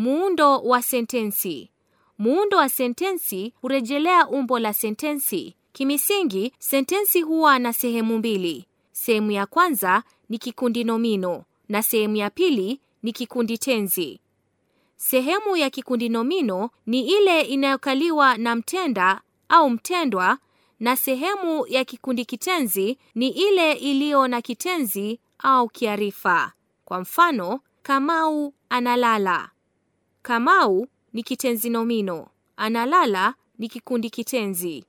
Muundo wa sentensi. Muundo wa sentensi hurejelea umbo la sentensi. Kimisingi, sentensi huwa na sehemu mbili. Sehemu ya kwanza ni kikundi nomino na sehemu ya pili ni kikundi tenzi. Sehemu ya kikundi nomino ni ile inayokaliwa na mtenda au mtendwa na sehemu ya kikundi kitenzi ni ile iliyo na kitenzi au kiarifa. Kwa mfano, Kamau analala. Kamau ni kitenzi nomino. Analala ni kikundi kitenzi.